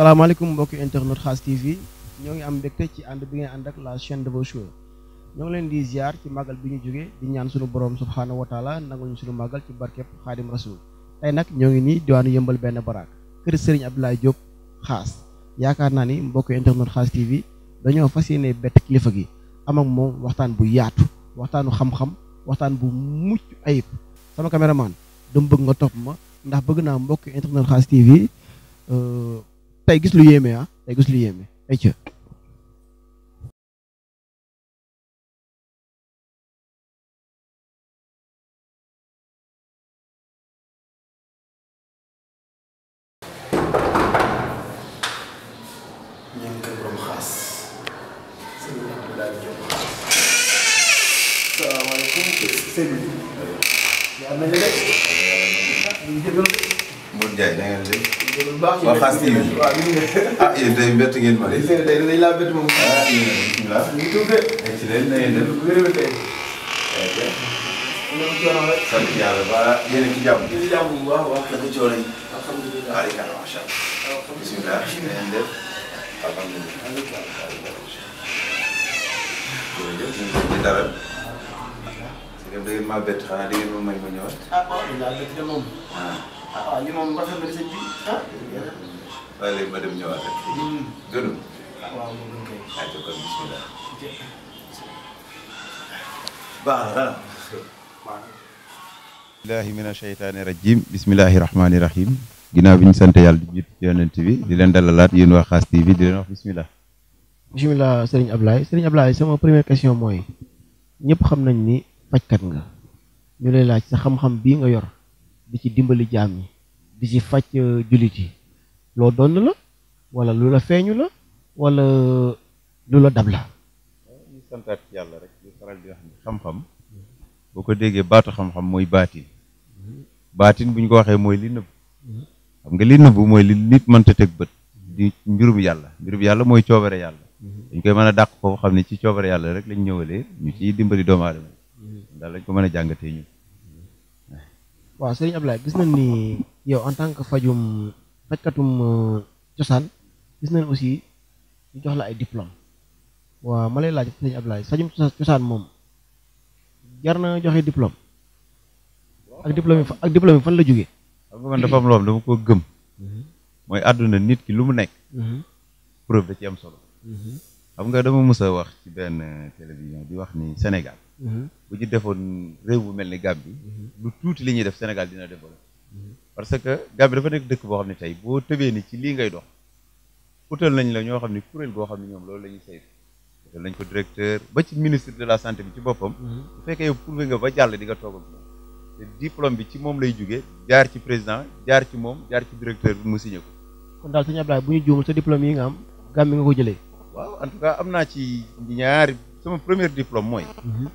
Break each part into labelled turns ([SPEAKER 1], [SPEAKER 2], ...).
[SPEAKER 1] salaamaaleykum mbokki internet Khass TV ñoo ngi am mbégte ci ànd bi nga ànd ak la chaine de vos choix ñoo ngi leen di ziar ci màggal bi ñu jógee di ñaan suñu borom subhaanahu wa taala nanguñu suñu màggal ci barkeb xaadim rasul ay nag ñoo ngi nii diwaanu yëmbal benn baraak kër Serigne Abdoulaye Diop xaas yaakaar naa ni mbokki internet Khass TV dañoo fas yéene bett kilifa gi am ak moom waxtaan bu yaatu waxtaanu xam-xam waxtaan bu mucc ayib sama caméraman dama bëgg nga topp ma ndax bëgg naa mbokki internet Khass TV. Euh, tey gis lu yéeme ah tey gis lu yéeme ayca salaamaaleykum sëñ bi. yaa ngi lay def. Modou Ndiaye da ngeen di. baax waa Fass TV ah yéen tey bett ngeen ma de. tey dañu laa bett moom. ah yéen a ngi ci leen na ngeen def. wér-wér tey. sant yàlla ba yéen a ci jàmm. yéen a ci jàmm bu baax a baax. naka coono yi. alhamdulilah
[SPEAKER 2] alika macha allah. bisimilah na ngeen def. alhamdulilah. jërëjëf ñu ngi ci dara. da ngeen maa bett xanaa da ngeen ma may ma ñëwaat. ah waaw. ah waaw li moom rafet na di sëñ bi ah.
[SPEAKER 1] waaye hmm.
[SPEAKER 2] rajim bismillahi rahmaani rahim ginnaaw bi ñu sant yàlla di jiit yonent bi di leen dalalaat yéen waa Xaas TV di leen wax bisimilah.
[SPEAKER 1] bisimilah Serigne Ablaye Serigne Ablaye sama première question mooy ñëpp xam nañ ni fajkat nga ñu lay laaj sa xam-xam bii nga yor. bi ci dimbali jaam yi di ci faj euh, jullit yi loo doon la wala lu la feeñu la wala euh, lu la dab la
[SPEAKER 2] yàlla rek boo ko déggee baatu xam-xam mooy baatin baatin buñ ko waxee mooy li nëbb xam nga li nëbb mooy li nit mënta teg bët di yàlla mbirum yàlla mooy coobare yàlla dañ koy mën a dàq foofu xam ne ci coobare yàlla rek lañ ñëwalee ñu ciy dimbali doomu aadama daal lañ ko mën a jàngatee ñu
[SPEAKER 1] waaw Serigne Ablaye gis nañ ni yow en tant que fajum fajkatum euh, cosaan gis nañ aussi ñu jox la ay diplôme waaw ma lay laaj Serigne Ablaye fajum cosaan moom jar na joxe diplôme ak diplôme ak diplôme fan la jógee.
[SPEAKER 2] xam nga dafa am loo xam dama ko gëm. Mhm. mooy àdduna nit ki lu mu nekk. Mhm. preuve da ci am solo. Mhm. xam nga dama mës wax ci benn télévision di wax ni Sénégal. Mm-hmm. bu ñu defoon réew bu mel ni Gambie mm-hmm. lu tuuti li ñuy def Sénégal dina développé mm-hmm. parce que Gambie dafa nekk dëkk boo xam ne tey boo tëbee ni ci lii ngay dox utal nañ la ñoo xam ne kuréel goo xam ne ñoom loolu la ñuy saytu ko directeur ba ci ministre de la santé bi ci boppam fekkee yow ba jàll di nga toog ak moom bi ci moom lay jógee jaar ci président jaar ci moom jaar ci directeur bi mu signé ko
[SPEAKER 1] kon daal sëñ Abdoulaye bu ñu juumul sa diplôme yi nga am Gambie nga ko jëlee
[SPEAKER 2] waaw en am naa ci ñaari sama premier diplôme mooy. Mhm.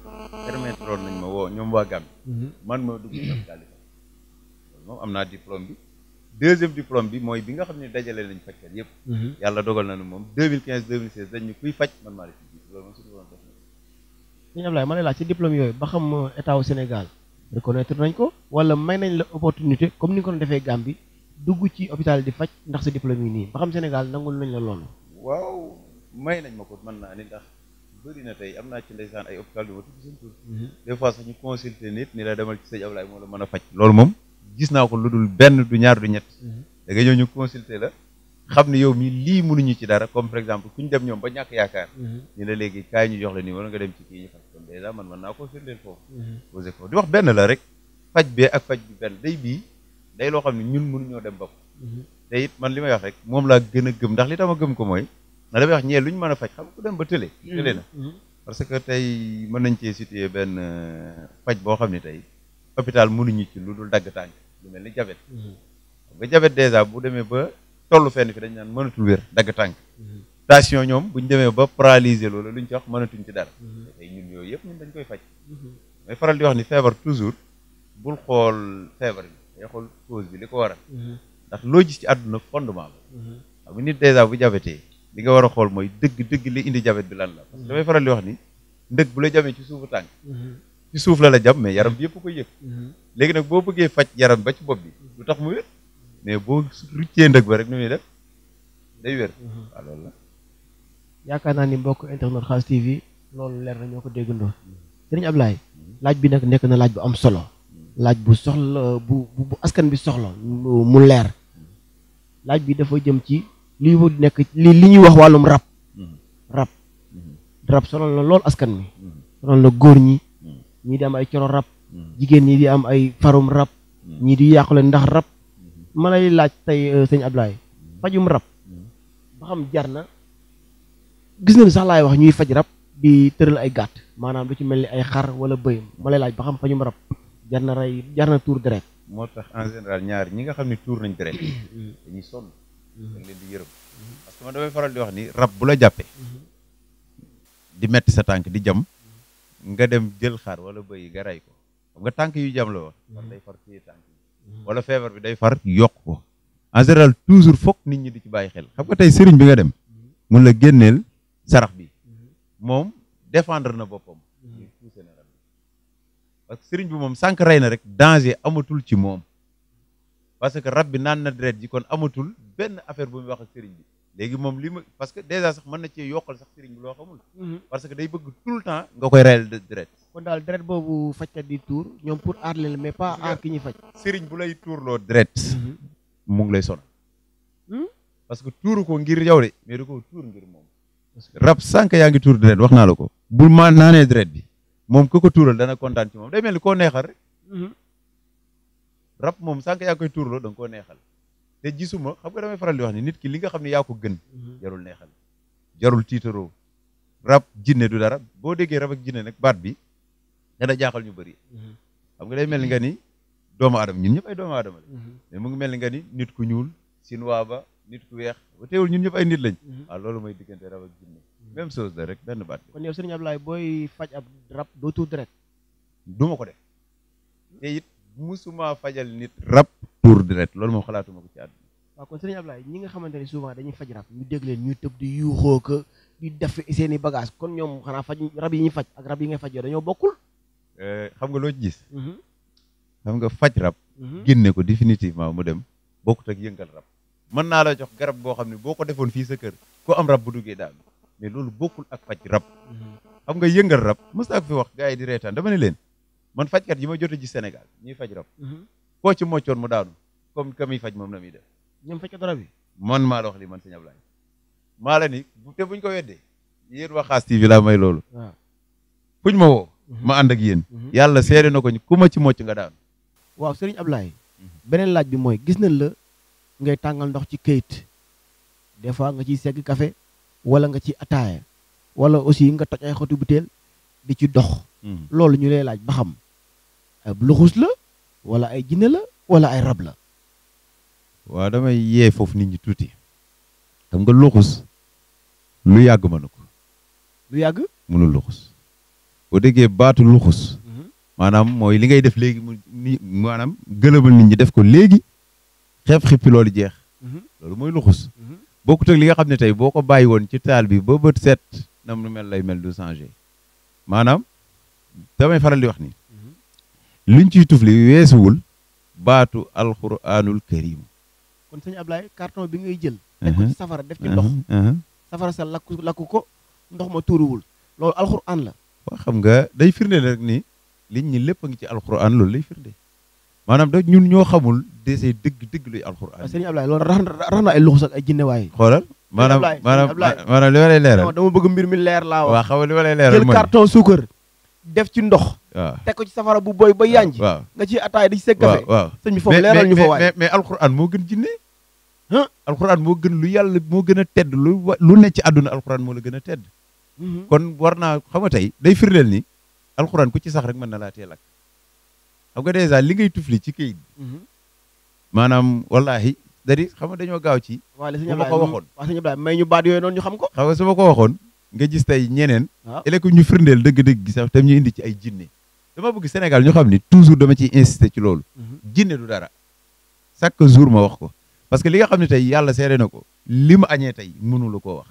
[SPEAKER 2] permettre woon nañ ma woo ñoom waa Gambie. Mhm. man ma dugg am naa diplôme bi. deuxième bi mooy bi nga xam ne dajale nañ fajkat yëpp. Mhm. yàlla dogal na ne moom 2015 2016 dañ ñu kuy faj man maa la ci
[SPEAKER 1] jiitu na. sëñ ma lay laaj ci diplôme yooyu ba xam état wu Sénégal reconnaître nañ ko wala may nañ la opportunité comme ni ko doon defee Gambie dugg ci hôpital di faj ndax sa diplôme yi nii ba xam Sénégal nangul nañ la loolu.
[SPEAKER 2] waaw may nañ ma ko mën naa ni ndax. bëri na tey am naa ci ndeysaan ay hôpital yu ma tudd seen tur mhm. des fois sax ñu consulter nit ni la demal ci sëñ Ablaye moo la mën a faj loolu moom gis naa ko lu dul benn du ñaar du ñett mhm. da nga ñëw ñu consulter la xam ne yow mi lii mënuñu ci dara comme par exemple ku ñu dem ñoom ba ñàkk yaakaar mhm. ni la léegi kaay ñu jox la numéro nga dem ci kii ñu faj kon man naa ko firndeel foofu posé ko di wax benn la rek faj bee ak faj bi benn day bii day loo xam ne ñun ñoo dem bopp te it man li may yox rek moom laa gën a gëm ndax li tax ma gëm ko mooy ma damay wax ñee lu ñu mën a faj xam dem ba tële mm-hmm. tële mm-hmm. parce que tey mën nañ cee situer benn euh, faj boo xam ne tey hôpital mënuñu ci lu dul dagg lu mel ni jabet mm-hmm. nga jabet dèjà bu demee ba tollu fenn fi dañ naan mënatul wér dagg tànk station ñoom bu ñu demee ba paralyser loolu lu ñu ci wax mënatuñ ci dara tey ñun yooyu yëpp ñun dañ koy faj may faral di wax ni feebar toujours bul xool feebar bi day bi li ko waral ndax loo gis ci àdduna fondement ba xam nit dèjà bu jabetee li nga war a xool mooy dëgg dëgg li indi jabet bi lan la parce damay faral di wax ni ndëg bu la jamee ci suufu tànk mm-hmm. ci suuf la la jam mais yaram bi yëpp ko yëg mm-hmm. léegi nag boo bëggee faj yaram ba ci bopp bi lu tax mu wér mais boo ruccee ndëg ba rek nu muy def day wér mm-hmm.
[SPEAKER 1] yaakaar naa ni mbokk internet Khass TV loolu leer na ñoo ko déggandoo sëriñ Ablaye laaj bi nag nekk na laaj bu am solo laaj bu soxla bu bu askan bi soxla mu leer laaj bi dafa jëm ci lii wut nekk li li ñuy wax wàllum rab mm-hmm. rab mm-hmm. rab sonal na lool askan mi mm-hmm. sonal na góor ñi ñii di am ay coro rab jigéen ñii di am ay farum rab ñii di yàqule ndax rab ma lay laaj tey euh, sëñ Ablaye fajum rab ba xam jar na gis nañu sax laay wax ñuy faj rab di tëral ay gàtt maanaam lu ci mel ni ay xar wala bëy ma laaj ba xam fajum rab jar na rey jar na tuur deret moo tax en
[SPEAKER 2] général ñaar ñi nga xam ne tuur nañ deret da nga leen di yërëm mm-hmm. parce que faral di wax ni rab bu la jàppee mm-hmm. di metti sa tànk di jam nga dem jël xar wala bëy nga rey ko xam nga tànk yu jam la wax mm-hmm. war day far wala feebar bi day far yokk ko en toujours fok nit ñi di ci bàyyi xel xam nga tey sëriñ bi nga dem mun la génneel sarax bi moom defendre na boppam parce que sëriñ bi moom sànq rey na rek danger amatul ci moom parce que rab bi naan na dret ji kon amatul benn affaire bu muy wax ak sëriñ bi léegi moom li ma parce que déjà sax mën na cee yokkal sax sëriñ bi loo xamul
[SPEAKER 1] mhm. parce que day bëgg tout le temps nga koy reyal deret kon daal deret boobu fajkat di tuur ñoom pour aar mais pas aar ki ñuy faj sëriñ bu lay tuurloo deret mhm. mu ngi lay sonal hmm?
[SPEAKER 2] parce que tuuru ko ngir yow de mais du ko tuur ngir moom rab sànq yaa ngi tuur deret wax naa la ko bu ma naanee deret bi moom ku ko tuural dana kontaan ci moom day mel ni koo neexal rab moom sànq yaa koy tuurloo da nga koo neexal te gisuma xam nga damay faral di wax ni nit ki li xam ne yaa ko gën mhm. jarul neexal jarul tiitaroo rab jinne du dara boo déggee rab ak jinne nag baat bi dana jaaxal ñu bëri mhm. xam nga day mel ni nga ni doomu aadama ñun ñëpp ay doomu aadama mhm. mu ngi mel ni nga ni nit ku ñuul sinuwaa ba nit ku weex ba teewul ñun ñëpp ay nit lañ waaw ah, loolu mooy diggante rab jinne même chose la rek benn
[SPEAKER 1] baat bi kon yow sëriñ Ablaye booy faj ab rab doo tuuti rek du ko def musuma fajal nit
[SPEAKER 2] rab tuur deret loolu moom xalaatuma ko ci àdduna
[SPEAKER 1] waaw kon sëriñ Ablaye ñi nga xamante ne souvent dañuy faj rab ñu dégg leen ñuy tëb di yuuxoo ko di def seen i bagage kon ñoom xanaa faj rab yi ñu faj ak rab yi nga faj yoo dañoo bokkul
[SPEAKER 2] eh, xam nga loo ci gis mhm. xam nga faj rab mhm. génne ko définitivement mu dem bokkut ak yëngal rab mën naa la jox garab boo xam ne boo ko defoon fii sa kër ko am rab bu duggee daal mais loolu bokkul ak faj rab mhm. xam nga yëngal rab mës naa fi wax gars yi di reetaan dama ne leen man fajkat yi ma jot a ji Sénégal ñuy faj rab. Mhm. koo ci moccoon mu daanu comme ka faj moom na muy def. ñoom fajkat rab yi. man maa la wax li man sëñ Ablaye maa la ni te buñ ko weddee yéen waa Xaas TV laa may loolu. waaw ma woo. Mhm. ma ànd ak yéen. Mhm. yàlla seere na ko ku ci mocc nga daanu.
[SPEAKER 1] waaw sëriñ Ablaye. beneen laaj bi mooy gis nañ la ngay tàngal ndox ci kayit des fois nga ciy segg café wala nga ci ataaya wala aussi nga toj ay xotu butéel di ci dox. loolu ñu lay laaj ba xam. luxus la wala ay jinne la wala ay rab la
[SPEAKER 2] waaw damay yee foofu nit ñi tuuti xam nga luxus lu yàgg mënu ko lu yàgg mënul luxus boo déggee baatu luxus mhm. maanaam mooy li ngay def léegi mu maanaam gëlëmal nit ñi def ko léegi xeeb xippi loolu jeex mhm. loolu mooy luxus mhm. bokkut ak li nga xam ne tey boo ko bàyyi woon ci taal bi ba bët set na lu mel lay mel du changé maanaam damay faral di wax ni liñ ciy tufli weesuwul baatu alxuraanul karim
[SPEAKER 1] kon sëñ ablaay carton bi ngay jël
[SPEAKER 2] teg ko uh-huh. ci safara def ci uh-huh. ndox uh-huh.
[SPEAKER 1] safara sa lakku lakku ko ndox ma tuuruwul loolu alxuraan la
[SPEAKER 2] waaw xam nga day firnde rek nii liñ ñi lépp a ngi ci alxuraan loolu lay firnde maanaam da ñun ñoo xamul dese dëgg dëgg luy alxuraan
[SPEAKER 1] sëñ Ablaye loolu rax rax na ay luxus ak ay jinne waaye
[SPEAKER 2] xoolal maanaam maanaam maanaam li ma lay leeral dama
[SPEAKER 1] bëgg mbir mi leer laa wax waaw xam nga li ma lay leeral jël carton def ci ndox. waaw ko ci safara bu boy ba yanj nga ciy ataay di ci seg kafe. waaw sëñ bi foofu leeral ñu fa waay mais
[SPEAKER 2] mais alxuraan moo gën jinne. alxuraan moo gën lu yàlla moo gën a tedd lu lu ne ci àdduna alxuraan moo la gën a tedd. Mm-hmm. kon war naa xam nga tey day firndeel ni alxuraan ku ci sax rek mën na laa teel ak. xam nga dèjà li ngay tufli ci kayit bi. Mm-hmm. maanaam wallaahi. c'est-à-dire xam nga dañoo gaaw
[SPEAKER 1] ci. waaw li ñu xam ko.
[SPEAKER 2] xam ma ko waxoon nga gis tey ñeneen ah. eleku ñu firndeel dëgg-dëgg gi sax tam ñu indi ci ay jinne
[SPEAKER 1] dama bëgg Sénégal ñu xam
[SPEAKER 2] ni toujours dama ciy insister ci loolu mhm. jinne du dara chaque jour ma wax ko parce que li nga xam ne tey yàlla seere na ko li ma añee mënula koo wax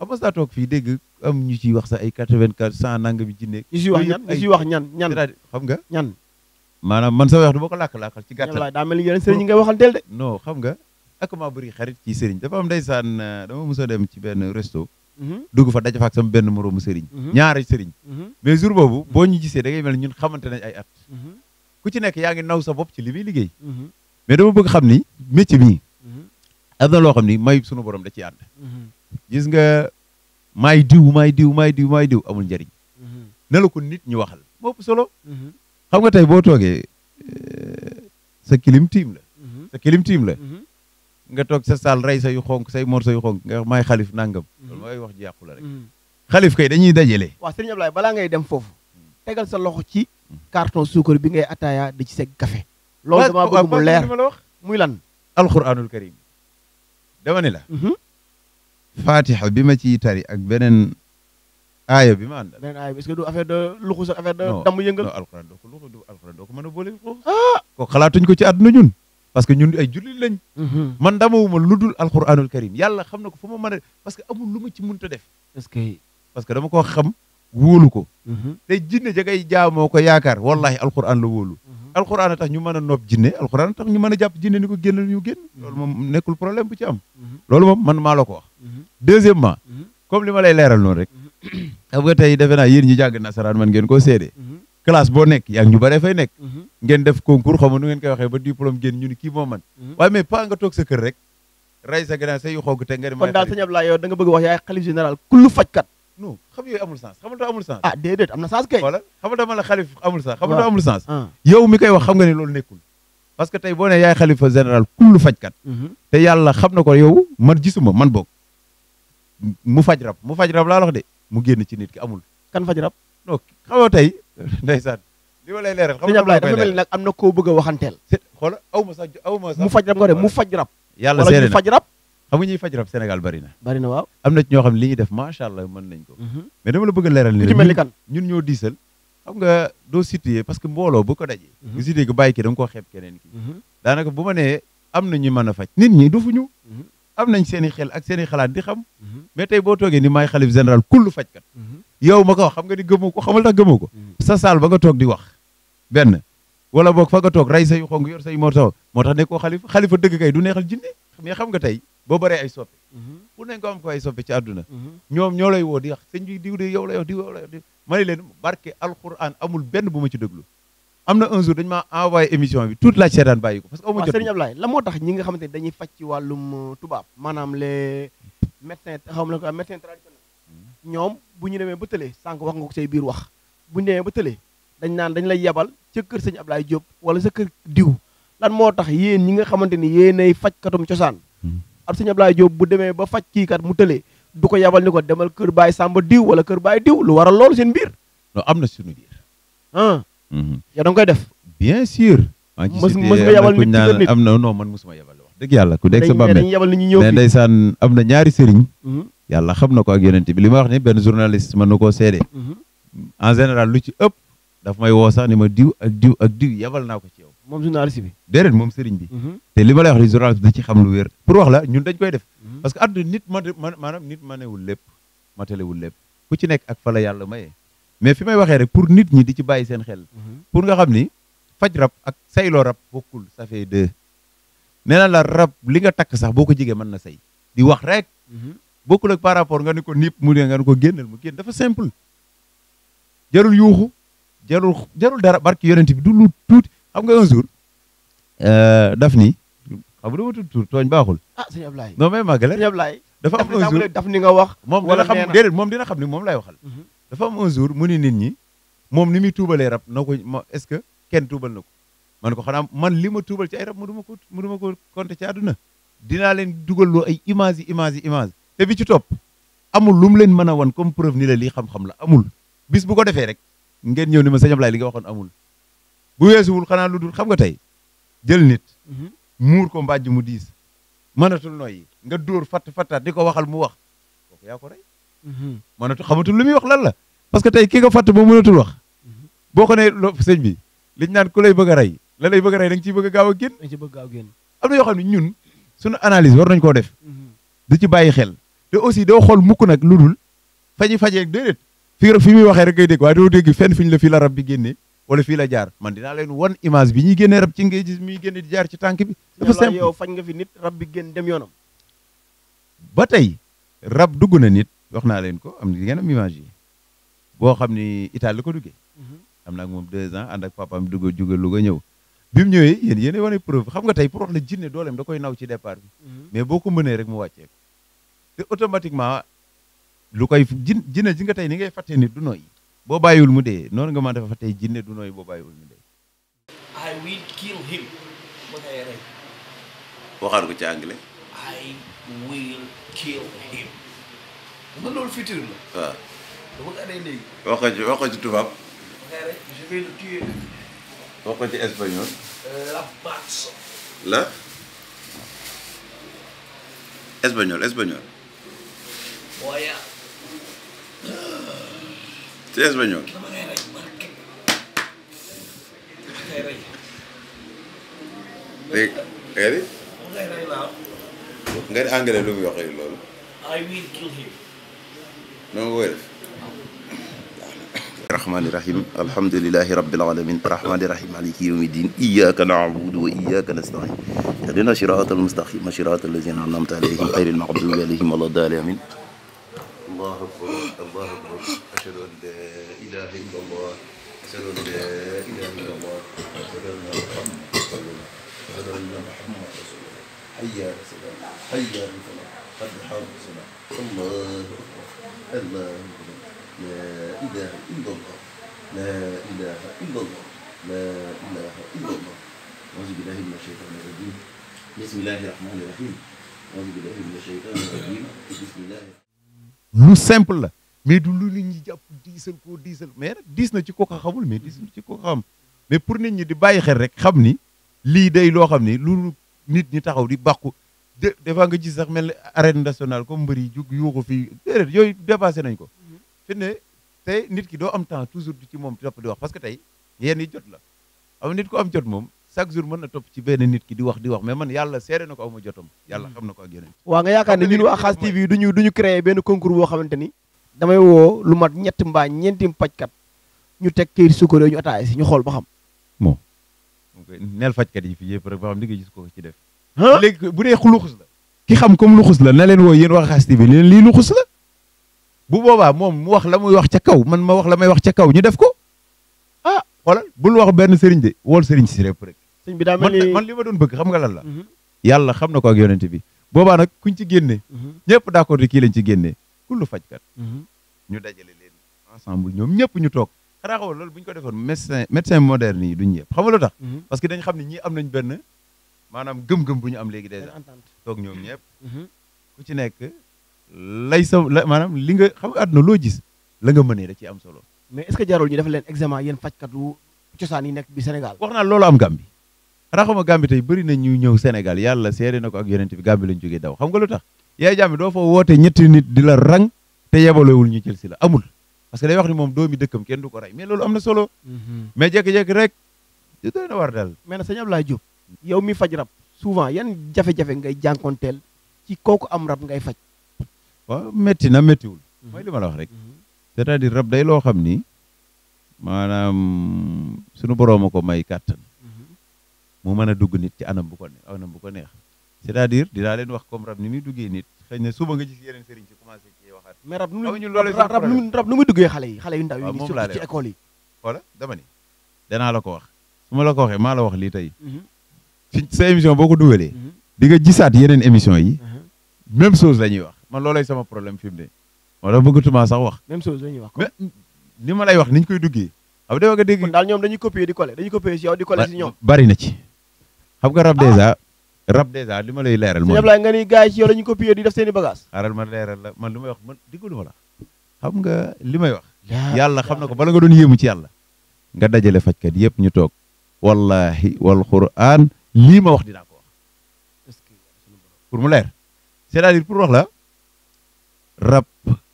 [SPEAKER 2] am saa toog fii dégg ñu ciy wax sax ay quatre-vingt-quatre cent nangami jinne ñu
[SPEAKER 1] ciy wax ñan wax ñan ñan xam nga ñan
[SPEAKER 2] maanaam man sa wax du ma ko
[SPEAKER 1] làkk-làkkal ci gàttal daa mel ni yeneen sëriñ yi ngay waxal del de non xam nga ak maa bëri xarit
[SPEAKER 2] ci dafa am ndeysaan euh, dama mos a dem ci benn resto Mhm. dugg fa daja fa ak sama benn moroomu sëriñ
[SPEAKER 1] mhm. ñaari sëriñ mhm.
[SPEAKER 2] mais jour boobu boo ñu gisee da ngay mel ñun xamante nañ ay at ku ci nekk yaa ngi naw sa bopp ci li muy liggéey mais dama bëgg xam ni métier bi am na loo xam ni may sunu borom da ciy ànd gis nga maay diw maay diw may diw maay diw amul njëriñ ne nit ñu waxal moo ëpp solo xam nga tey boo toogee euh, sa kilim tiim la sa kilim tiim la nga toog sa saal rey yu xonk say morso yu xonk nga may xalif nangam. Mm-hmm.
[SPEAKER 1] loolu mooy wax ji yàqu la rek. Mm-hmm.
[SPEAKER 2] xalif kay dañuy dajale.
[SPEAKER 1] waaw sëriñ Ablaye balaa ngay dem foofu. Mm-hmm. tegal sa loxo ci. carton suukar bi ngay ataaya di ci seg café. loolu damaa bëgg mu leer muy lan. alquranul karim dama
[SPEAKER 2] ne la. fatiha bi ma ciy tari ak beneen aaya bi ma
[SPEAKER 1] àndal. beneen aaya bi est-ce que du affaire de luxu sax affaire yëngal
[SPEAKER 2] ko ah! xalaatuñ ko ci na ñun. parce que ñun ay jullit lañ. Mm-hmm. man damawuma lu dul alquranul karim yàlla xam na ko fu ma mën parce que amul lu ma ci mënta def. est-ce que parce que dama ko xam wóolu ko. Mm-hmm. te jinne ja ngay jaamoo ko yaakaar wallahi alquran la wóolu. Mm-hmm. alquran a tax ñu mën a nopp jinne alquran a tax ñu mën a jàpp jinne ni ko génn ñu génn. loolu moom nekkul problème bu ci am. loolu moom man maa la ko wax. deuxièmement comme li ma lay leeral noonu rek. xam nga tey defe naa yéen ñi jàng nasaraan man geen koo ngeen def concours xam nu ngeen koy waxee ba diplôme génn ñu ni kii moo man mhm. waaye mais pas nga toog sa kër rek
[SPEAKER 1] ray sa gannaaw say yu xogg te nga kon daal sëñ Abdoulaye yow da nga bëgg wax yaay xalif général kullu fajkat non ah, am na sens kay wala ah.
[SPEAKER 2] koy wax xam nga ne loolu nekkul parce que tey boo ne yaay xalifa général kullu fajkat mhm. te yàlla xam na ko yow man gisuma man boog mu faj rab mu faj rab laa de mu génn ci nit ki
[SPEAKER 1] amul kan faj rab non xamoo tey ndeysaan
[SPEAKER 2] li ma lay leeral xam nga dafa mel nag
[SPEAKER 1] am na koo bëgg a waxanteel xoola aw ma mu faj rab mu faj rab
[SPEAKER 2] yàlla seede na faj rab xam nga ñuy faj rab Sénégal bari na bari na waaw am na ñoo xam ne li ñuy def macha allah mën nañ ko mhm. mais dama la bëgg a leeral li mel ni kan ñun ñoo diisal xam nga doo situé parce que mbooloo bu ko da mhm. nga koo xeeb keneen ki mhm. daanaka bu ma am na ñu mën a faj nit ñi dufuñu am nañ seen i xel ak seen i xalaat di xam mais tey boo toogee ni maay xalif général kullu fajkat yow ma ko wax xam nga ni gëmoo ko xam xamal tax gëmoo ko sa saal ba nga toog di wax benn wala boog fa toog rey say nga yor say moo tax moo tax nekkoo xalifa xalifa dëgg kay du neexal jinne mais xam nga tey boo baree ay soppe pour nañ ko am ko ay soppe ci àdduna mhm. ñoom ñoo lay woo di wax sëñ diw de yow la yow diw yow la yow ma ne leen barke alquran amul benn bu ma ci déglu am na un jour dañu maa envoyé émission bi toute la seetaan bàyyi ko parce que amu jot
[SPEAKER 1] sëriñ nga xamante ne dañuy faj ci wàllum euh, tubaab maanaam les médecins xam la ko médecins hmm. ñoom bu ñu demee ba tëlee sànq wax nga ko say biir wax bu ñu demee ba tëlee dañ naan dañ lay yebal ca kër sëñ Ablaye Diop wala sa kër diw lan moo tax yéen ñi nga xamante ni yéenay fajkatum cosaan hmm. ab sëñ Ablaye Diop bu demee ba faj kii kat mu tëlee du ko yabal ni ko demal kër baay Samba diw wala kër baay diw lu waral loolu seen biir. non am na suñu biir. ah. Hmm. yow da nga koy def. bien
[SPEAKER 2] sûr. mës mës nga yebal nit ci nit am na non man mësuma wax dëgg yàlla ku nekk sa bàmmeel dañ yebal nit ñi ñëw mais ndeysaan am na ñaari sëriñ. Hmm. yàlla xam na ko ak yonent bi li ma wax ni benn journaliste mën na koo seede. en général lu ci ëpp dafa may woo sax ni ma diw ak diw ak diw yabal naa ko ci yow. moom journaliste bi. déedéet moom sëriñ bi. Mhm. te li ma lay wax ni journaliste di ci xam lu wér. pour wax la ñun dañ koy def. Mhm. parce que àdduna nit man maanaam nit manewul lépp matalewul lépp ku ci nekk ak fa la yàlla maye. mais fi may waxee rek pour nit ñi di ci bàyyi seen xel. Mhm. pour nga xam ni faj rab ak sayloo rab bokkul ça fait deux. nee na la rab li nga takk sax boo ko jigee man na say di wax rek. bokkul ak par rapport nga ni ko nipp mu ne nga ko génnal mu génn dafa simple. yuuxu jarul jarul dara barki ti bi du lu tuuti xam nga un jour euh, daf ni xam nga dama tudd tuur tooñ baaxul.
[SPEAKER 1] ah sëñ Ablaye non mais màggale sëñ Ablaye dafa am un jour daf
[SPEAKER 2] ni nga wax. moom dina xam déedéet moom dina xam ni moom lay waxal. Mhm. dafa am un jour mu ni nit ñi moom ni muy tuubalee rab na ko ma est ce que kenn tuubal na ko man ko xanaa man li ma tuubal ci ay rab mu ko mu duma ko compter ci àdduna dinaa leen dugal loo ay image yi image yi image te bi ci topp amul lu mu leen mën a wan comme preuve le la lii xam la amul bis bu ko defee rek ngeen ñëw ni ma sëñ Ablaye li nga waxoon amul bu weesuwul xanaa lu dul xam nga tey jël nit mhm. muur ko mbàjj mu diis mënatul nooy nga dóor fatt fattaat di ko waxal mu wax kooku yaa ko rey mhm. mënatul xamatul lu muy wax lan la parce que tey ki nga fatt ba mënatul wax mhm. boo ko ne sëñ bi liñ naan ku lay bëgg a rey la lay bëgg a
[SPEAKER 1] rey da bëgg gaaw a génn da nga bëgg a
[SPEAKER 2] am na yoo xam ne ñun sunu analyse war nañ koo def di ci bàyyi xel te aussi doo xool mukk nag lu dul faji fajeeg déedéet fii fi muy waxee rek ngay dégg waaye doo dégg fenn la fii la rab bi génnee wala fii la jaar man dinaa leen wan image bi
[SPEAKER 1] ñuy génnee rab ci ngay gis muy génne di jaar ci tànk bi dafa simple yow fañ nga fi nit rab bi génn dem yoonam
[SPEAKER 2] ba tey rab dugg na nit wax naa leen ko am na ngeen am image yi boo xam ni Italie la ko duggee mhm. am na moom deux ans ànd ak papaam dugg jóge Louga ñëw bi mu ñëwee yéen yéen wane preuve xam nga tey pour la jinne dooleem da koy naw ci départ bi mhm. mais boo ko mënee rek mu wàccee lu koy jin jinne ji nga tey ni ngay fàttee ni du nooy boo bàyyiwul mu dee noonu nga mën dafa fàttee jinne du nooy boo bàyyiwul mu dee I ko ci anglais I wax wax ci tubaab ma koy rey je wax ci espagnol la ci espagnol léegi nga di nga di anglais lu muy wax léegi loolu noonu koy def rahmaani rahim alhamdulilahi rabbil alamin arrahmaani rahim maliki yawmi din iyyaka na'budu wa iyyaka nasta'in ihdina siratal mustaqima siratal lazina an'amta alayhim ghayril maghdubi alayhim waladdallin amin akbar allahu akbar ashhadu an la ilaha illa allah ashhadu an la ilaha illa allah ashhadu anna muhammadan rasulullah ashhadu anna muhammadan rasulullah hayya ala salah hayya ala
[SPEAKER 1] falah qad haada salah allahu akbar allahu akbar la ilaha illa allah la ilaha illa allah la ilaha illa allah auzu billahi mina shaytani rajim bismillahi rahmani rahim auzu billahi
[SPEAKER 2] mina shaytani rajim bismillahi lu simple la mais du lu nit ñi jàpp diisal koo diisal mais diis na ci ko ko xamul mais diis na ci ko ko xam mais pour nit ñi di bàyyi xel rek xam ni lii day loo xam ni lu nit ñi taxaw di bàkku de des fois nga gis sax mel arène nationale comme mbër yi jug yuuxu fii déedéet yooyu dépassé nañ ko fi ne tey nit ki doo am temps toujours du ci moom topp di wax parce que tey yenn yi jot la am nit ko am jot moom chaque jour mën na topp ci benn nit ki di wax di wax mais man yàlla seere na ko aw ma jotam hmm. na ko ak yeneen
[SPEAKER 1] waaw nga yaakaar ne ñun waa Khass TV duñu duñu créé benn concours boo xamante ni damay woo lu mat ñetti mbaa ñeenti pajkat ñu teg këyit sukkar ñu ataaya si ñu xool ba xam
[SPEAKER 2] moom neel fajkat yi fii yëpp rek ba xam gis ko ci def
[SPEAKER 1] léegi bu dee luxus la ki xam comme
[SPEAKER 2] luxus la na leen woo yéen waa Khass TV leen lii luxus la bu boobaa moom mu wax la muy wax ca kaw man ma wax la may wax ca kaw ñu def ko ah xoolal bul wax benn sëriñ de wool sëriñ si rek sëñ bi daa mel ni man li ma doon bëgg xam nga lan la mhm. yàlla xam na ko ak yonent bi boobaa nag kuñ ci génne mhm. ñëpp d'accord di kii lañ ci génne kullu fajkat mhm. ñu dajale leen ensemble ñoom ñëpp ñu toog xanaa xamal bu ñu ko defoon médecin médecin moderne yi duñ ñëpp xam nga lu tax parce que dañ xam ne ñii am nañ benn maanaam gëm-gëm bu ñu am léegi déjà toog ñoom ñëpp
[SPEAKER 1] ku ci nekk lay sa
[SPEAKER 2] maanaam li nga xam nga àdduna loo gis la nga mënee da
[SPEAKER 1] ciy am solo mais est-ce que ñu def leen examen yéen fajkat yu cosaan yi nekk bi Sénégal wax naa loolu
[SPEAKER 2] am Gambie xanaa a nga tey bëri na ñu ñëw Sénégal yàlla seede na ko ak yonent bi Gambie lañ jógee daw xam nga lu tax yaay jàmbi doo fa woote ñetti nit di la rang te yebalowul ñu jël si la amul parce que day
[SPEAKER 1] wax ni moom doomi dëkkam kenn du ko rey mais loolu am na solo mhm. mais jékki rek di doy na war daal mais na yow mi faj rab souvent yan jafe-jafe ngay jànkonteel ci kooku am rab ngay faj waaw
[SPEAKER 2] métti na méttiwul mhm. mooy li ma wax rek mhm. cest di rab day loo xam ni maanaam sunu borooma ko may kàttan mu mën a dugg nit ci anam bu ko neex anam bu ko neex cest leen wax comme rab ni muy duggee nit xëy na suba nga gis yeneen sëriñ rab nu muy duggee xale yi xale yi surtout ci yi wala dama la ko wax su ma la ko waxee maa la wax lii tey ci mhm. sa émission boo ko dugalee mhm. di nga gisaat yeneen émission yi mhm. même chose la ñuy wax ma loolay sama problème fi mu ne moo tax bëggatuma sax wax même la ñuy wax
[SPEAKER 1] ni ma lay wax niñ koy duggee xam nga dégg nga daal ñoom dañuy copier di coller dañuy copier si yow di coller si ñoom
[SPEAKER 2] bari na ci xam nga rab dèjà ah. rab dèjà li ma lay leeral mooy Ablaye
[SPEAKER 1] nga ni gars yi ci yow la ñu di def seen i bagage
[SPEAKER 2] xaaral ma leeral la man li may wax man diggalu ma la xam nga li may wax yàlla xam na ko bala nga doon yéemu ci yàlla nga dajale fajkat yëpp ñu toog wallahi wal quran lii ma wax dinaa ko wax pour mu leer c'est-à-dire wax la rab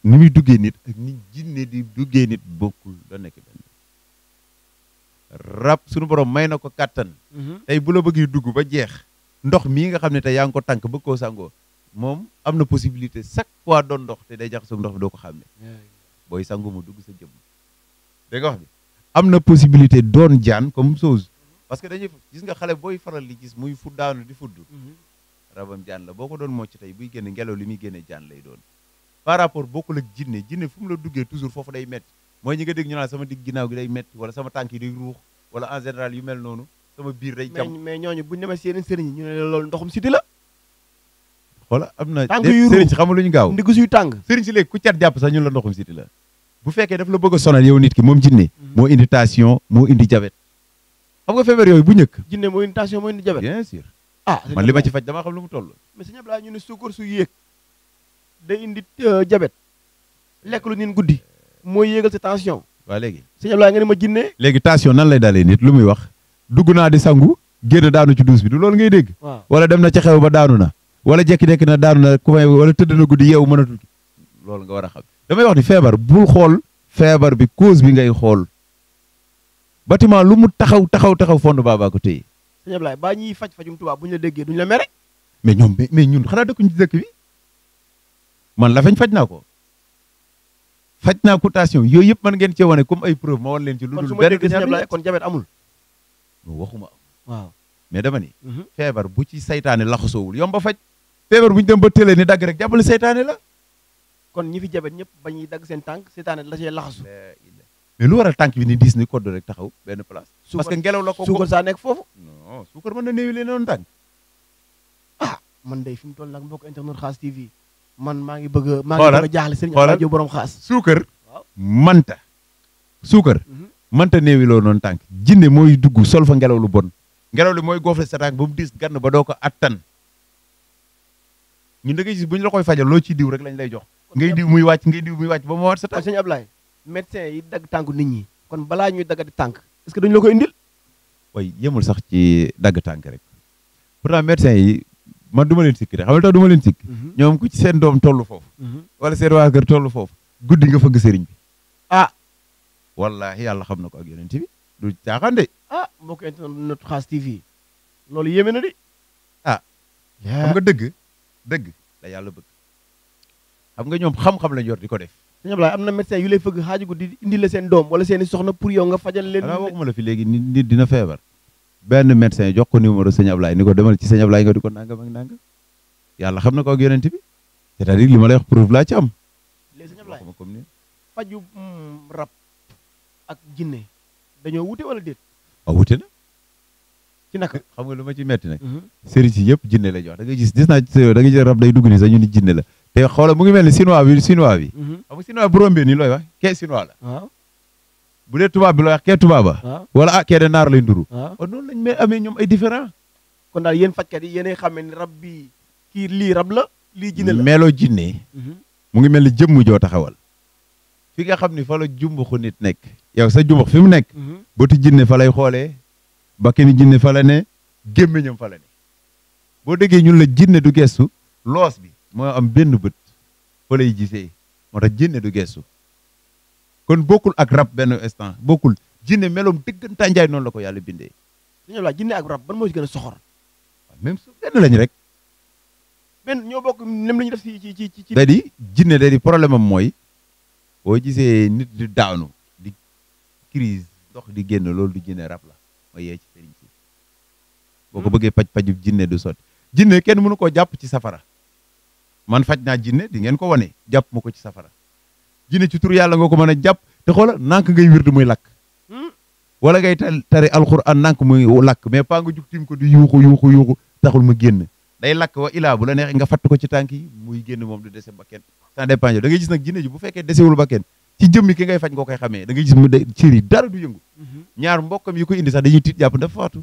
[SPEAKER 2] ni muy duggee nit ak ni jinne di duggee nit bokkul da nekk rab sunu borom may na ko kattan mhm. tey bu la bëggee dugu ba jeex ndox mii nga xam ne te yaa ko tànk bëgg koo sàngoo moom am na possibilité chaque fois doon ndox te day jax soog ndox bi doo ko xam ne booy sango mu dugg sa jëm dégg nga bi am na possibilité doon jaan comme chose parce que dañuy gis nga xale booy faral di gis muy fu daanu di fudd mhm. rabam jaan la boo ko doon moc tey buy génne ngelaw li muy génne jaan lay doon par rapport bokkul ak jinne jinne fu mu la duggee toujours foofu day metti mooy ñi nga dégg ñu sama digg ginnaaw gi day metti wala sama tànk yi day ruux wala en général yu mel noonu sama biir
[SPEAKER 1] day jam mais ñooñu buñ ma si yeneen sëriñ yi ñu ne loolu ndoxum siti la
[SPEAKER 2] wala am na sëriñ si xamul lu ñu gaaw ndigg suy tàng sëriñ si léegi ku cat jàpp sax ñun la ndoxum siti bu fekkee daf la bëgg a sonal yow nit ki moom jinne mm-hmm. moo indi tension moo indi diabète xam nga feebar yooyu bu njëkk
[SPEAKER 1] jinne moo indi tension moo indi diabète bien sûr ma ah, man li ma ci faj damaa xam lu mu toll mais sëñ Abdoulaye ñu ne suukar su yéeg day indi diabète euh, lekk lu niin guddi mooy yéegal sa tension. waaw léegi sëñ Ablaye nga ne ma jinne
[SPEAKER 2] léegi tension nan lay dalee nit lu muy wax dugg naa di sangu génn daanu ci duus bi du loolu ngay dégg. wala dem na ca xew ba daanu na. wala jekki jékki na daanu na ku may wala tëdd na guddi yeewu mënatul loolu nga war a xam damay wax ni feebar bul xool feebar bi cause bi ngay xool bâtiment lu mu taxaw taxaw taxaw fond baabaa ko téye.
[SPEAKER 1] sëñ Ablaye baa ñuy faj fajum tubaab bu ñu déggee duñu la mere.
[SPEAKER 2] mais ñoom mais ñun xanaa dëkkuñu ci dëkk bi man la fañ faj naa ko. faj naa cotation yooyu yëpp mën ngeen cee wane comme ay preuve ma wan leen ci kon
[SPEAKER 1] jabet amul waxuma waaw
[SPEAKER 2] mais dama ni mhm. feebar bu ci saytaane laxasoowul yomba faj feebar bu ñu dem ba télé ni dagg rek jàppale saytaane la
[SPEAKER 1] kon ñi fi jabet ñëpp ba ñuy dagg seen tànk saytaane la cee laxasu
[SPEAKER 2] mais lu waral tànk bi ni diis ni kodd rek taxaw benn place parce que ngelaw la ko suukar
[SPEAKER 1] saa nekk foofu non suukar mën na néewi leen noonu tànk ah man day fi mu tol nag mbokk internet Khass TV man maa ngi bëgg a. maa ngi bëgg a jaaxle sëriñ Abdou borom xaas.
[SPEAKER 2] suukar manta suukar. Mhm. manta néewi loo noonu tànk jinne mooy dugg sol fa ngelaw lu bon. ngelaw li mooy goofle sa tànk ba mu diis gann ba doo ko attan ñun da ngay gis
[SPEAKER 1] ñu la koy fajal loo ciy diw rek lañ lay jox. ngay diw muy wàcc ngay diw muy wàcc ba mu war sa tànk. sëñ Ablaye médecin yi dagg tànku nit ñi kon balaa ñuy daggati tànk est-ce que dañu la ko indil.
[SPEAKER 2] way yemul sax ci dagg tànk rek pourtant médecin yi man du ma leen sikki de xam nga du ma leen sikki mhm. ñoom ku ci seen doom tollu foofu mhm. wala seen waa kër tollu foofu guddi nga fëgg sëriñ bi
[SPEAKER 1] ah wallahi yàlla xam na ko ak yeneen bi du caaxaan de ah mbokk internet xaas TV loolu yéeme na de ah
[SPEAKER 2] xam nga dëgg dëgg la yàlla
[SPEAKER 1] bëgg xam
[SPEAKER 2] nga ñoom xam-xam lañ yor di ko def
[SPEAKER 1] sëñ Ablaye am na médecin yu lay fëgg xaaju guddi indi la seen doom wala seeni soxna pour yow nga fajal leen
[SPEAKER 2] waxuma la fi léegi nit dina feebar benn médecin jox ko numéro sëñ Ablaye ni ko demal ci sëñ Ablaye nga di ko nangam ak nangam yàlla xam na ko ak yonent bi c'est-à-dire li ma lay wax preuve laa ci am. léegi sëñ Ablaye comme ni
[SPEAKER 1] faju mm, rab ak jinne dañoo wute wala déet.
[SPEAKER 2] waaw ah, wute na. ci naka xam nga lu ma ci metti nag. Mhm. sëriñ si yëpp jinne la jox da nga gis gis naa da nga gis rab day dugg ni sax ñu jinne la te xoola mu ngi mel ni chinois bi chinois bi. Mhm. xam nga chinois bu rombee nii looy wax kee chinois la. bu dee tubaab bi la wax kee tubaaba. Ah. wala ah kee de naar lay nduru.
[SPEAKER 1] waaw ah. oh, noonu lañ may amee ñoom ay différent kon daal yéen fajkat yi yéenay xamee ni rab bi kii lii rab la lii jinne la.
[SPEAKER 2] meeloo jinne mhm. mu ngi mel ni jëmm joo taxawal.
[SPEAKER 1] fi nga xam ni fa la jumbuxu
[SPEAKER 2] nit nekk. yow sa jumbux fi mu nekk. Mhm. bëti jinne fa lay xoolee. bakkani jinne fa la ne. gémmiñam fa la ne. boo déggee ñun la jinne du gestu. loos bi moo am benn bët fa lay jisee moo tax jinne du gestu. kon bokkul ak rab benn instant bokkul jinne meloom dëggantaa njaay noonu la ko yàlla bindee. dañu la jinne ak
[SPEAKER 1] rab ban moo ci gën a soxor.
[SPEAKER 2] même su benn lañ rek.
[SPEAKER 1] benn ñoo bokk nem la ñu def ci ci ci ci. da di
[SPEAKER 2] jinne da di problème am mooy boo gisee nit di daanu di crise ndox di génn loolu du jinne rab la mooy yee ci sëriñ si. boo ko hmm? bëggee paj paju jinne du sotti jinne kenn mënu koo jàpp ci safara man faj naa jinne di ngeen ko wane jàpp ma ko ci safara. jinne ci tur yàlla nga ko mën a jàpp te xoola nànk ngay wirdu muy lakk hmm? wala ngay tari alxuraan nànk muy lakk mais pas nga jug tim ko di yuuxu yuuxu yuuxu taxul mu génn day lakk wa ilaa bu la neex nga fatt ko ci tànk yi muy génn moom du dese bakken ça dépend da ngay gis nag jinne ji bu fekkee desewul bakken ci jëmmi ki ngay faj nga koy xamee da ngay gis mu de cër yi dara du yëngu hmm. ñaar mbokkam yi ko indi sax dañuy tiit jàpp dafa faatu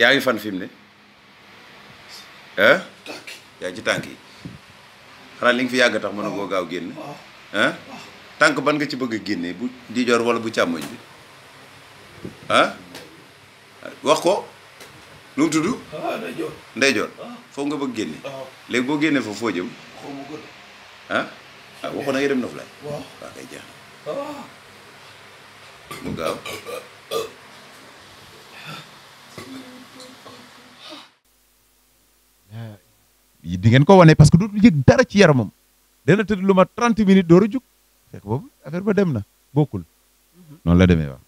[SPEAKER 2] yaa ngi fan fi ne ah yaa ci tànk yi xanaa li nga fi yàgg tax mën a koo gaaw génne ah tànk ban nga ci bëgg a génne bu ndijoor wala bu càmmoñ bi ah wax ko lu mu tudd ah, ndeyjoor ah. foofu nga bëgg génne ah. léegi boo génne fa foo jëm ah ah waxoon na yërëm na fu mu gaaw di ngeen ko wane parce que dootul yëg dara ci yaramam dana tëdd lu ma 30 minutes door a jug fekk boobu affaire ba dem na bokkul mhm. noonu la demee waaw.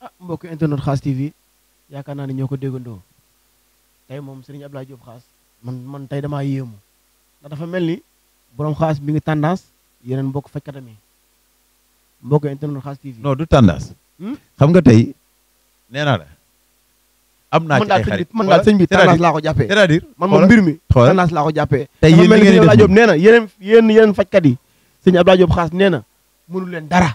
[SPEAKER 1] ah mbokk internet xaas yaakaar naa ne ñoo ko déggandoo tey moom Serigne Abdoulaye Diop xaas man man tey damaa yéemu ndax dafa mel ni borom xaas bi ngi tendance yeneen mbokk fajkatam yi mbokk internet xaas TV. Hmm? xam nga tey nee naa la. am naa ci ay xarit man daal sëñ bi tendance laa ko jàppee c'est-à-dire man moom mbir mi tendance laa ko jàppee tey yéen mel ni sëñ nee na yeneen yéen yeneen fajkat yi sëñ Abdoulaye Diop xaas nee na mënul leen dara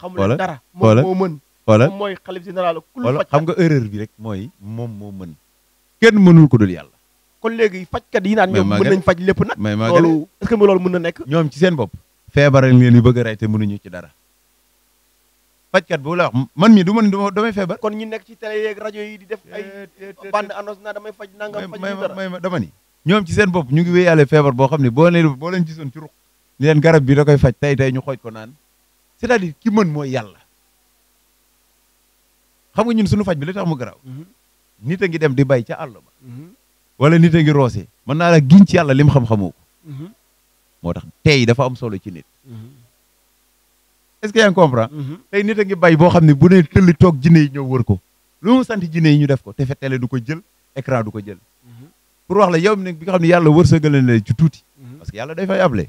[SPEAKER 1] xamul leen dara moom moo mën wala mooy xalif général kul xam nga erreur bi rek mooy moom moo mën
[SPEAKER 2] kenn mënul ko dul yàlla
[SPEAKER 1] kon léegi fajkat yi naan ñoom mën nañ faj lépp nag
[SPEAKER 2] loolu est-ce que loolu mun na nekk ñoom ci seen bopp feebaral leen yu bëgg a rey te mënuñu ci dara fajkat bu la wax man mii du ma ni damay feebar. kon ñi nekk ci
[SPEAKER 1] télé yeeg rajo yi di def ay eh, bande annonce naa damay faj nangam faj ma dama ni
[SPEAKER 2] ñoom ci seen bopp ñu ngi wéyaale feebar boo xam ne boo leen boo leen gisoon ci ni leen garab bi da koy faj tey tey ñu xooj ko naan c'est-à-dire ki mën mooy yàlla xam nga ñun suñu faj bi li tax mu garaaw mhm. nit a ngi dem di bay ca àll ba mhm. wala nit a roose mën naa la giñ ci yàlla lim xam-xamoo ko mhm. moo tax tey dafa am solo ci nit est-ce que yaa ngi comprendre. Mhm. tey nit a ngi bay boo xam ne bu ne tëlli toog jinne yi ñëw wër ko lu mu sant jinne yi ñu def ko te fetele du ko jël écran du ko jël. Mhm. pour wax la yow ne bi nga xam ne yàlla wërsëgale na ci tuuti. Mhm. parce que yàlla day fay able.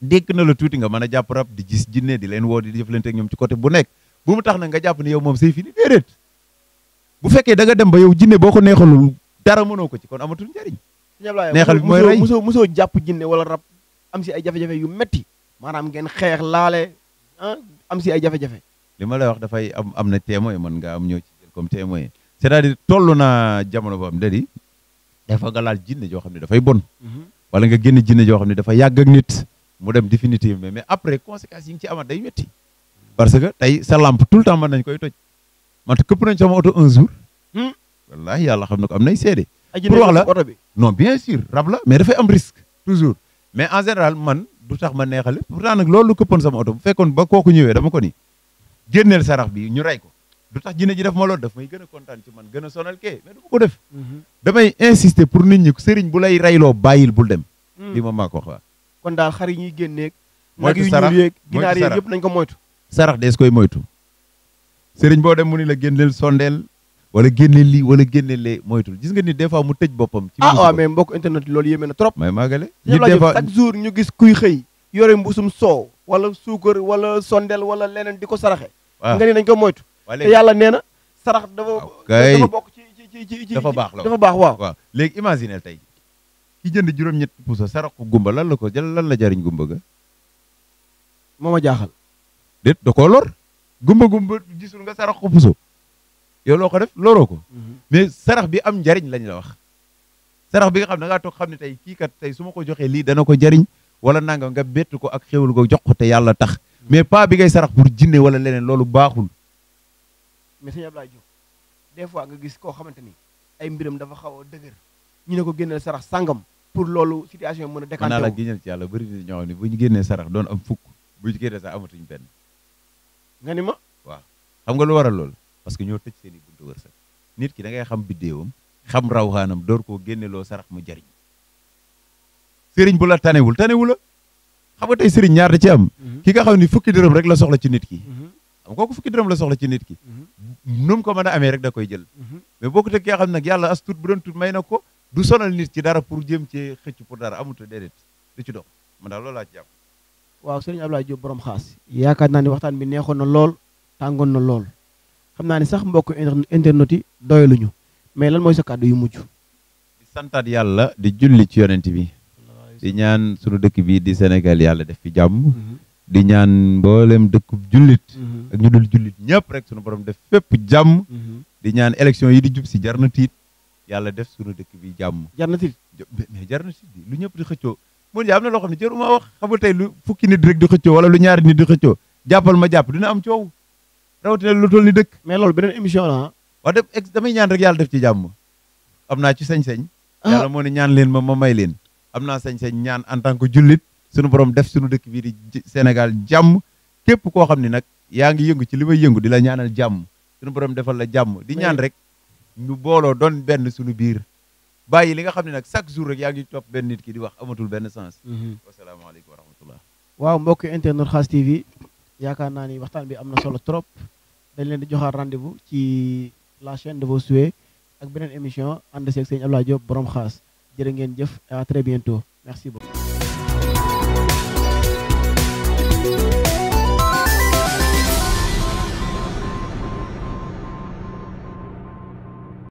[SPEAKER 2] dégg na la tuuti nga mën a jàpp rab di gis jinne di leen woo di jëflante ak ñoom ci côté bu nekk bu mu na nga jàpp ne yow moom say fini déedéet bu fekkee da dem ba yow jinne boo ko neexalul dara mënoo ko ci
[SPEAKER 1] kon amatul njëriñ. neexal bi mooy rey musoo musoo jàpp jinne wala rab am si ay jafe-jafe yu metti maanaam ngeen xeex laale ah am si ay jafe-jafe.
[SPEAKER 2] li ma lay wax dafay am am na témoin man nga am ñëw ci jël comme témoin c'est-à-dire toll naa jamono boobu ndëri dafa nga laal jinne joo xam ne dafay bon. Mhm. wala nga génn jinne joo xam ne dafa yàgg ak nit mu dem définitive mais mais après conséquences yi nga ci amat day wetti parce que tey sa lampe tout le temps mën nañ koy toj man këpp nañ sama oto un jour. Hmm? wallaahi yàlla xam na ko am nay seede. pour wax la non bien sûr rab la mais dafay am risque toujours mais en général man du tax ma neexale pourtant lool loolu këppoon sama oto bu fekkoon ba kooku ñëwee dama ko ni génneel sarax bi ñu rey ko du tax jinne ji def ma loolu daf may gën a kontaan ci man gën a sonal kee mais du ma ko def mhm. damay insister pour nit ñi sëriñ bu lay reyloo bàyyil bul dem mhm. lii ma maa wax waa
[SPEAKER 1] kon daal xar yi ñuy génneeg nag yu ñuul yeeg ginaar yeeg yëpp nañ ko moytu
[SPEAKER 2] sarax dees koy moytu sëriñ boo dem mu ni la génneel wala génne lii wala génne lee moytul gis nga ni des fois mu
[SPEAKER 1] tëj boppam. ci ah waaw ah, mais mbokk internet loolu yéeme na trop. may maagale ñu des fois chaque jour ñu gis kuy xëy. yore mbusum soow wala suukar wala sondel wala leneen di ko saraxe. waaw ah. nga ni dañ ko moytu. te yàlla nee na sarax dafa
[SPEAKER 2] dafa bokk ci
[SPEAKER 1] ci ci ci dafa baax la dafa
[SPEAKER 2] baax waaw. waaw léegi imaginer tey ki jënd juróom-ñetti puso sarax ko gumba lan la ko jël lan la jariñ gumba ga. moo ma jaaxal. déet da koo lor. gumba gumba gisul nga sarax ko puso yow loo ko def loroo ko mhm. mais sarax bi am njariñ lañ la wax sarax bi nga xam ne da ngaa xam ne tey kii kat tey su ma ko joxee lii dana ko jariñ wala nangam nga bett ko ak xéwal ko jox ko te yàlla tax mais pas bi ngay sarax pour jinne wala leneen loolu baaxul
[SPEAKER 1] mais sëñ Ablaye Diop des fois nga gis koo xamante ni ay mbiram dafa xaw a dëgër ñu ne ko génneel sarax sangam pour loolu situation mën a décanté naa la génneel
[SPEAKER 2] ci yàlla bëri ñoo xam bu ñu génnee sarax doon am fukk bu ñu génnee sa amatuñ benn nga ni ma waaw xam nga lu waral loolu parce que ñoo tëj seen i buntu wërsëg nit ki da ngay xam biddeewam xam rawxaanam door koo loo sarax mu jariñ sëriñ bu la tanewul tanewu la xam nga tey sëriñ ñaar da ci am mhm. ki nga xam ni fukki dërëm rek la soxla ci nit ki mhm. am kooku fukki dërëm la soxla ci nit ki mhm. nu ko mën a amee rek da koy jël mais boo ko ki nga xam nag yàlla as tuut bu doon tuut may na ko du sonal nit ci dara pour jëm ci xëcc pour dara amut déedéet du ci dox
[SPEAKER 1] man daal loolu laa waaw sëriñ Abdoulaye Diop borom xaas yaakaar naa ni waxtaan bi neexoon na lool tàngoon na lool xam naa ne sax mbokk internet yi doyaluñu mais lan mooy sa kàddu yu mujj.
[SPEAKER 2] di santaat yàlla di julli ci yonent bi. di ñaan sunu dëkk bi di Sénégal yàlla def fi jàmm. Mhm. di ñaan mboolem dëkku jullit. Mhm. ak ñu dul jullit ñëpp rek sunu borom def fépp jàmm. Mhm. di ñaan élection yi di jub si jar na tiit yàlla def sunu dëkk bi jàmm. jar na mais jar na tiit lu ñëpp di xëccoo. moom yaa am na loo xam ne jaruma wax xamul tey lu fukki nit rek di xëccoo wala lu ñaari nit di xëccoo jàppal ma jàpp dina am coow. rawatina lu toll ni dëkk mais loolu beneen émission la ah wax de ñaan rek yàlla def ci jàmm am naa ci sañ-sañ ah. yàlla moo ne ñaan leen ma ma may leen am naa sañ señ ñaan en tant que jullit suñu borom def suñu dëkk bii di Sénégal jàmm képp koo xam ne nag yaa ngi yëngu ci li may yëngu di la ñaanal jàmm suñu borom defal la jàmm di ñaan rek ñu booloo doon benn sunu biir bàyyi li nga xam ne nag chaque jour rek yaa ngi top benn nit ki di wax amatul benn sens mhm. wasalaamaaleykum
[SPEAKER 1] waaw mbokk yaakaar naa ni waxtaan bi am na solo trop dañ leen di joxaat rendez-vous ci la chaîne de vos souhaits ak beneen émission ànd seeg sëñ Abdoulaye Diop borom xaas jërë ngeen jëf à très merci beaucoup